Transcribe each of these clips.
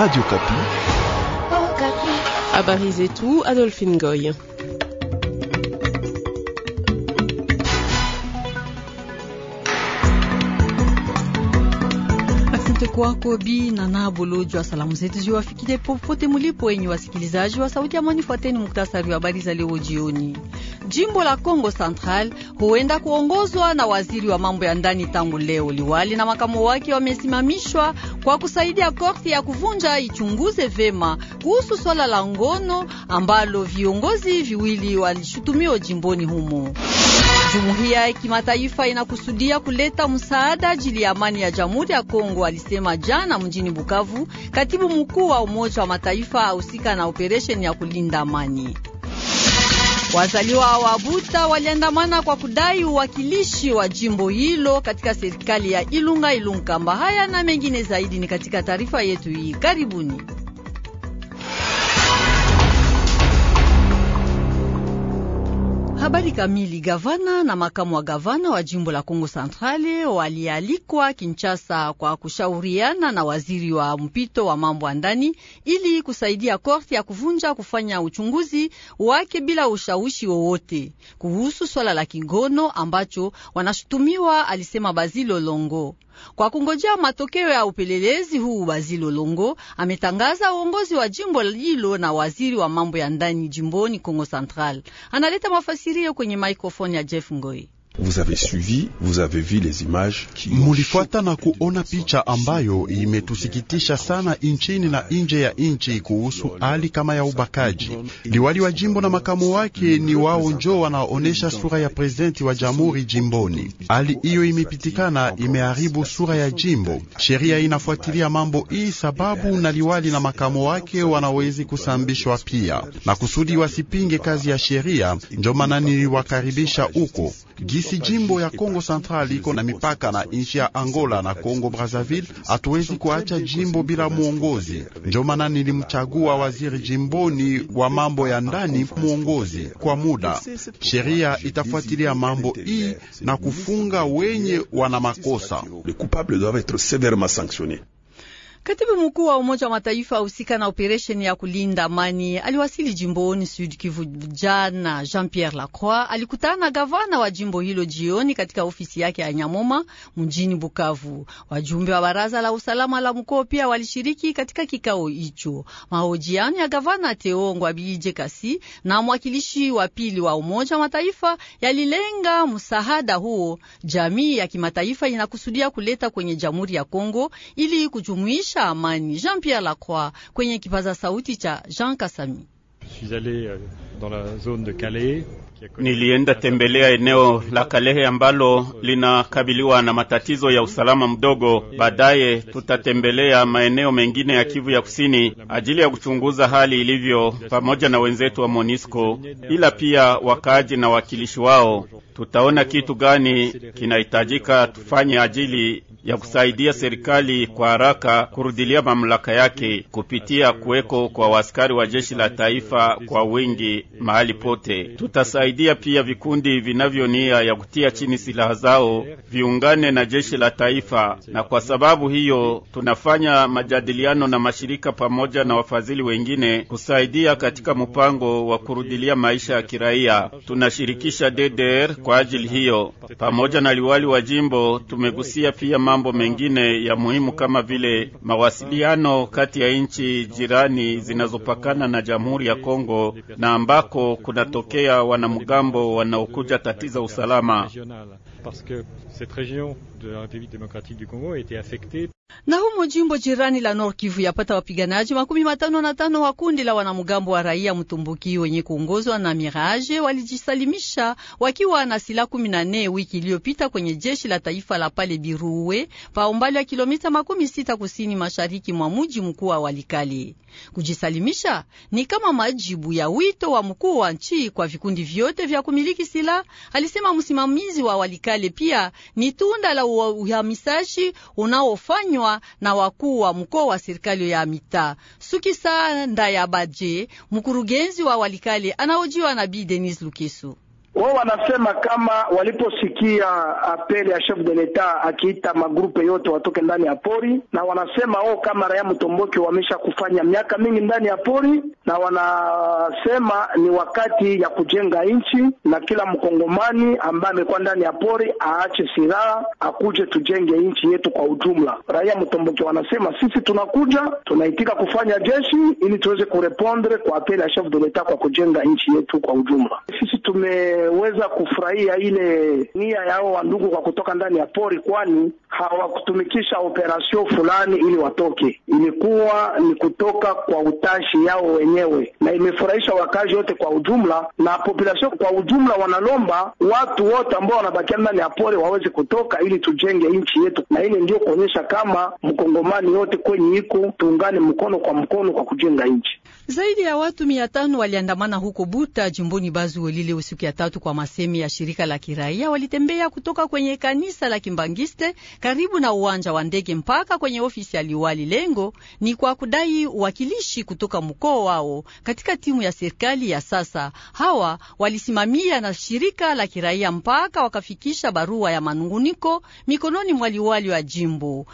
Radio Kapi. Habari zetu Adolphine Goy. Asante kwako Bi Nana Bolojwa. Salamu zetu ziwafikile popote mulipo, enyi wasikilizaji wa Sauti ya Amani. Fuateni muktasari wa habari za leo jioni jimbo la Kongo Central huenda kuongozwa na waziri wa mambo ya ndani tangu leo. Liwali na makamu wake wamesimamishwa kwa kusaidia korti ya kuvunja ichunguze vema kuhusu swala la ngono ambalo viongozi viwili walishutumiwa jimboni humo. Jumuiya ya kimataifa inakusudia kuleta msaada ajili ya amani ya Jamhuri ya Kongo, alisema jana mjini Bukavu katibu mkuu wa Umoja wa Mataifa ahusika na operesheni ya kulinda amani. Wazaliwa wa Buta waliandamana kwa kudai uwakilishi wa jimbo hilo katika serikali ya Ilunga Ilunkamba. Haya na mengine zaidi ni katika taarifa yetu hii. Karibuni. Habari kamili. Gavana na makamu wa gavana wa jimbo la Kongo Centrale walialikwa Kinshasa kwa kushauriana na waziri wa mpito wa mambo ya ndani ili kusaidia korti ya kuvunja kufanya uchunguzi wake bila ushawishi wowote kuhusu swala la kingono ambacho wanashutumiwa, alisema Bazilolongo. Kwa kungojea matokeo ya upelelezi huu, Waziri Olongo ametangaza uongozi wa jimbo hilo na waziri wa mambo ya ndani jimboni Kongo Central. Analeta mafasirio kwenye maikrofoni ya Jeff Ngoi. Mulifuata na kuona picha ambayo imetusikitisha sana nchini na nje ya nchi kuhusu hali kama ya ubakaji. Liwali wa jimbo na makamu wake ni wao njo wanaonesha sura ya prezidenti wa jamhuri jimboni. Hali hiyo imepitikana, imeharibu sura ya jimbo. Sheria inafuatilia mambo hii, sababu na liwali na makamu wake wanawezi kusambishwa pia na kusudi wasipinge kazi ya sheria. Ndio maana niliwakaribisha huko Gisi jimbo ya Kongo Central iko na mipaka na nchi ya Angola na Kongo Brazzaville, hatuwezi kuacha jimbo bila mwongozi. Ndio maana nilimchagua waziri jimboni wa mambo ya ndani mwongozi kwa muda. Sheria itafuatilia mambo hii na kufunga wenye wana makosa. Katibu mkuu wa Umoja wa Mataifa ahusika na operesheni ya kulinda amani aliwasili jimboni Sud Kivu jana. Jean Pierre Lacroix alikutana na gavana wa jimbo hilo jioni katika ofisi yake ya Nyamoma mjini Bukavu. Wajumbe wa baraza la usalama la mkoo pia walishiriki katika kikao hicho. Mahojiano ya gavana Teongwa Biije Kasi na mwakilishi wa pili wa Umoja wa Mataifa yalilenga msaada huo jamii ya kimataifa inakusudia kuleta kwenye Jamhuri ya Kongo ili kujumuisha kudumisha amani. Jean Pierre Lacroix kwenye kipaza sauti cha Jean Kasami. Uh, Nilienda tembelea eneo la Kalehe ambalo linakabiliwa na matatizo ya usalama mdogo. Baadaye tutatembelea maeneo mengine ya Kivu ya Kusini ajili ya kuchunguza hali ilivyo pamoja na wenzetu wa Monisco, ila pia wakaaji na wakilishi wao. Tutaona kitu gani kinahitajika tufanye ajili ya kusaidia serikali kwa haraka kurudilia mamlaka yake kupitia kuweko kwa waskari wa jeshi la taifa kwa wingi mahali pote. Tutasaidia pia vikundi vinavyo nia ya kutia chini silaha zao viungane na jeshi la taifa, na kwa sababu hiyo tunafanya majadiliano na mashirika pamoja na wafadhili wengine kusaidia katika mpango wa kurudilia maisha ya kiraia. Tunashirikisha DDR kwa ajili hiyo pamoja na liwali wa jimbo. Tumegusia pia mambo mengine ya muhimu kama vile mawasiliano kati ya nchi jirani zinazopakana na Jamhuri ya Kongo na ambako kunatokea wanamgambo wanaokuja tatiza usalama. Na humo jimbo jirani la Nord Kivu yapata wapiganaji makumi matano na tano wa kundi la wanamgambo wa raia Mtumbuki wenye kuongozwa na Mirage walijisalimisha wakiwa na silaha kumi na nne wiki iliyopita kwenye jeshi la taifa la pale Biruwe pa umbali wa kilomita makumi sita kusini mashariki mwa muji mkuu wa Walikali. Kujisalimisha ni kama majibu ya wito wa mkuu wa nchi kwa vikundi vyote vya kumiliki silaha, alisema msimamizi wa walikale Pia ni tunda la uhamisaji unaofanywa na wakuu wa mkoa wa serikali ya mitaa. Sukisa Ndayabaje, mkurugenzi wa Walikale, anaojiwa na Bi Denis Lukeso wao wanasema kama waliposikia apeli ya chef de l'etat akiita magrupe yote watoke ndani ya pori, na wanasema wao kama raia mtomboki wamesha kufanya miaka mingi ndani ya pori, na wanasema ni wakati ya kujenga nchi, na kila mkongomani ambaye amekuwa ndani ya pori aache silaha, akuje tujenge nchi yetu kwa ujumla. Raia mtomboki wanasema sisi tunakuja, tunaitika kufanya jeshi ili tuweze kurepondre kwa apeli ya chef de l'etat kwa kujenga nchi yetu kwa ujumla. Sisi tume wameweza kufurahia ile nia yao wandugu kwa kutoka ndani ya pori, kwani hawakutumikisha operasio fulani ili watoke. Ilikuwa ni kutoka kwa utashi yao wenyewe, na imefurahisha wakazi wote kwa ujumla na population kwa ujumla. Wanalomba watu wote ambao wanabakia ndani ya pori waweze kutoka ili tujenge nchi yetu, na ile ndio kuonyesha kama mkongomani yote kwenye iko tuungane mkono kwa mkono kwa kujenga nchi. Zaidi ya watu mia tano waliandamana huko Buta jimboni Bazuweli leo siku ya tatu, kwa masemi ya shirika la kiraia. Walitembea kutoka kwenye kanisa la Kimbangiste karibu na uwanja wa ndege mpaka kwenye ofisi ya liwali. Lengo ni kwa kudai uwakilishi kutoka mkoa wao katika timu ya serikali ya sasa. Hawa walisimamia na shirika la kiraia mpaka wakafikisha barua ya manunguniko mikononi mwa liwali wa jimbo.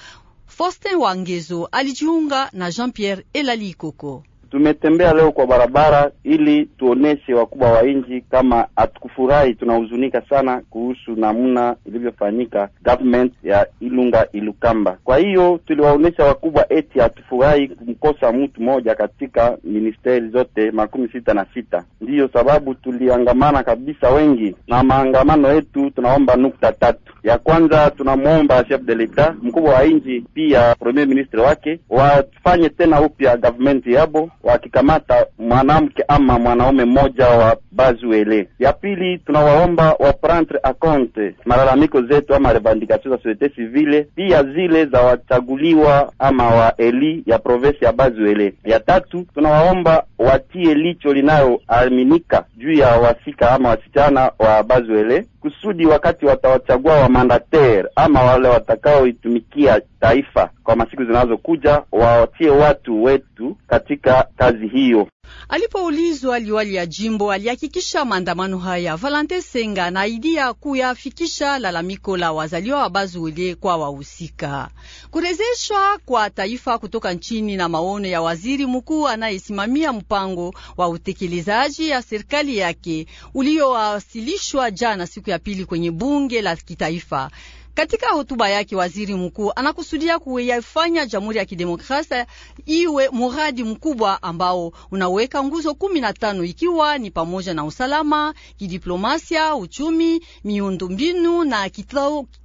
Faustin Wangezo alijiunga na Jean Pierre Elali Ikoko. Tumetembea leo kwa barabara ili tuoneshe wakubwa wa nchi kama hatukufurahi, tunahuzunika sana kuhusu namna ilivyofanyika government ya Ilunga Ilukamba. Kwa hiyo tuliwaonesha wakubwa eti hatufurahi kumkosa mtu moja katika ministeri zote makumi sita na sita. Ndiyo sababu tuliangamana kabisa wengi, na maangamano yetu tunaomba nukta tatu. Ya kwanza tunamwomba chef de leta mkubwa wa nchi, pia premier ministre wake wafanye tena upya government yabo wakikamata mwanamke ama mwanaume mmoja wa Bazuele. Ya pili, tunawaomba wa prendre a compte malalamiko zetu ama revendication za societe civile, pia zile za wachaguliwa ama wa eli ya province ya Bazuele. Ya tatu, tunawaomba watie licho linayoaminika juu ya wasika ama wasichana wa Bazuele kusudi wakati watawachagua wamandater ama wale watakaoitumikia taifa kwa masiku zinazokuja, wawatie watu wetu katika kazi hiyo. Alipoulizwa, liwali ya jimbo alihakikisha maandamano haya. Valante Senga na idia kuyafikisha lalamiko la wazaliwa wa Bazuele kwa wahusika, kurezeshwa kwa taifa kutoka nchini na maono ya waziri mkuu anayesimamia mpango wa utekelezaji ya serikali yake uliowasilishwa jana siku ya pili kwenye bunge la kitaifa. Katika hotuba yake, waziri mkuu anakusudia kuyafanya Jamhuri ya Kidemokrasia iwe muradi mkubwa ambao unaweka nguzo kumi na tano ikiwa ni pamoja na usalama, kidiplomasia, uchumi, miundombinu na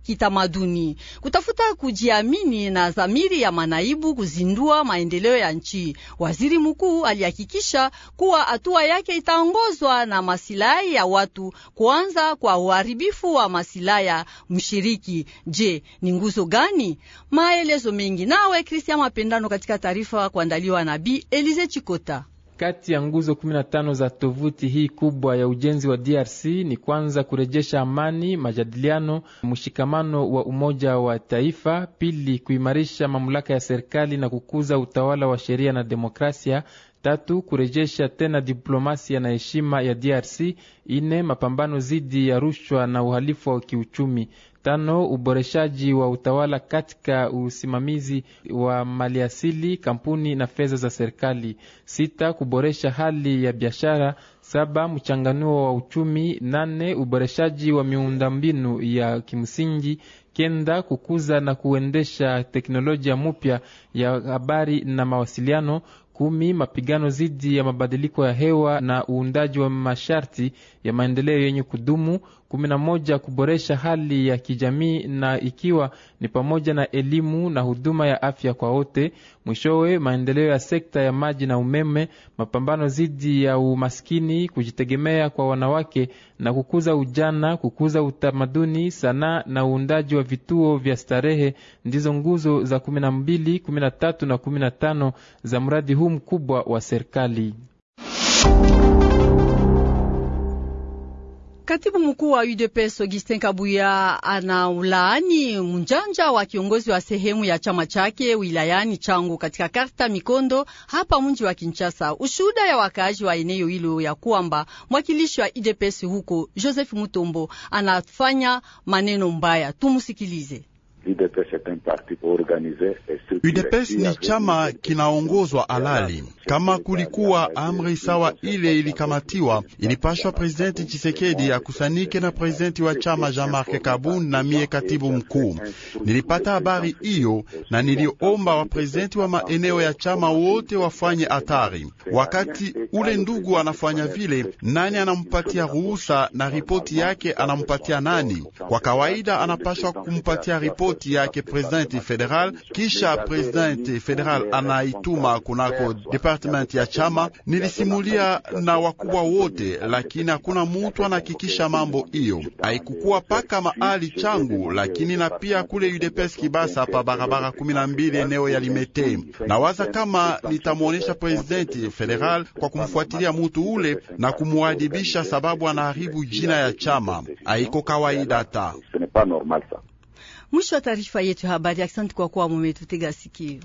kitamaduni, kutafuta kujiamini na zamiri ya manaibu kuzindua maendeleo ya nchi. Waziri mkuu alihakikisha kuwa hatua yake itaongozwa na masilahi ya watu, kuanza kwa uharibifu wa masilahi ya mshiriki Je, ni nguzo gani? Maelezo mengi nawe Kristian Mapendano katika taarifa kuandaliwa na Bi Elize Chikota. Kati ya nguzo 15 za tovuti hii kubwa ya ujenzi wa DRC ni kwanza kurejesha amani, majadiliano, mshikamano wa umoja wa taifa; pili, kuimarisha mamlaka ya serikali na kukuza utawala wa sheria na demokrasia; tatu, kurejesha tena diplomasia na heshima ya DRC; ine, mapambano dhidi ya rushwa na uhalifu wa kiuchumi. Tano, uboreshaji wa utawala katika usimamizi wa maliasili, kampuni na fedha za serikali. Sita, kuboresha hali ya biashara. Saba, mchanganuo wa uchumi. Nane, uboreshaji wa miundombinu ya kimsingi. Kenda, kukuza na kuendesha teknolojia mpya ya habari na mawasiliano. Kumi, mapigano dhidi ya mabadiliko ya hewa na uundaji wa masharti ya maendeleo yenye kudumu moja kuboresha hali ya kijamii na ikiwa ni pamoja na elimu na huduma ya afya kwa wote. Mwishowe, maendeleo ya sekta ya maji na umeme, mapambano dhidi ya umaskini, kujitegemea kwa wanawake na kukuza ujana, kukuza utamaduni, sanaa na uundaji wa vituo vya starehe ndizo nguzo za mbili, kumi na tano za mradi huu mkubwa wa serikali. Katibu mkuu wa UDPS Augustin Kabuya ulaani mjanja wa kiongozi wa sehemu ya chama chake wilayani Changu katika karta Mikondo hapa mji wa Kinshasa. Ushuhuda ya wakaaji wa eneo hilo ya kwamba mwakilishi wa UDPS huko Joseph Mutombo anafanya maneno mbaya. Tumusikilize. UDPS ni chama kinaongozwa alali Kama kulikuwa amri sawa ile ilikamatiwa, ilipashwa Presidenti Chisekedi akusanike na presidenti wa chama Jean-Marc Kabund na mie katibu mkuu. Nilipata habari hiyo na niliomba waprezidenti wa maeneo ya chama wote wafanye hatari. Wakati ule ndugu anafanya vile, nani anampatia ruhusa na ripoti yake anampatia nani? Kwa kawaida anapashwa kumpatia ripoti ripoti yake presidenti federal, kisha presidenti federal anaituma kunako departement ya chama. Nilisimulia na wakubwa wote, lakini hakuna mutu anahakikisha mambo hiyo. Haikukuwa paka maali changu, lakini na pia kule UDPS Kibasa pa barabara kumi na mbili eneo ya Limete. Nawaza kama nitamwonyesha presidenti federal kwa kumfuatilia mutu ule na kumwadibisha, sababu anaharibu jina ya chama. Haiko kawaida ta Mwisho wa taarifa yetu ya habari. Asante kwa kuwa mumetutega sikio.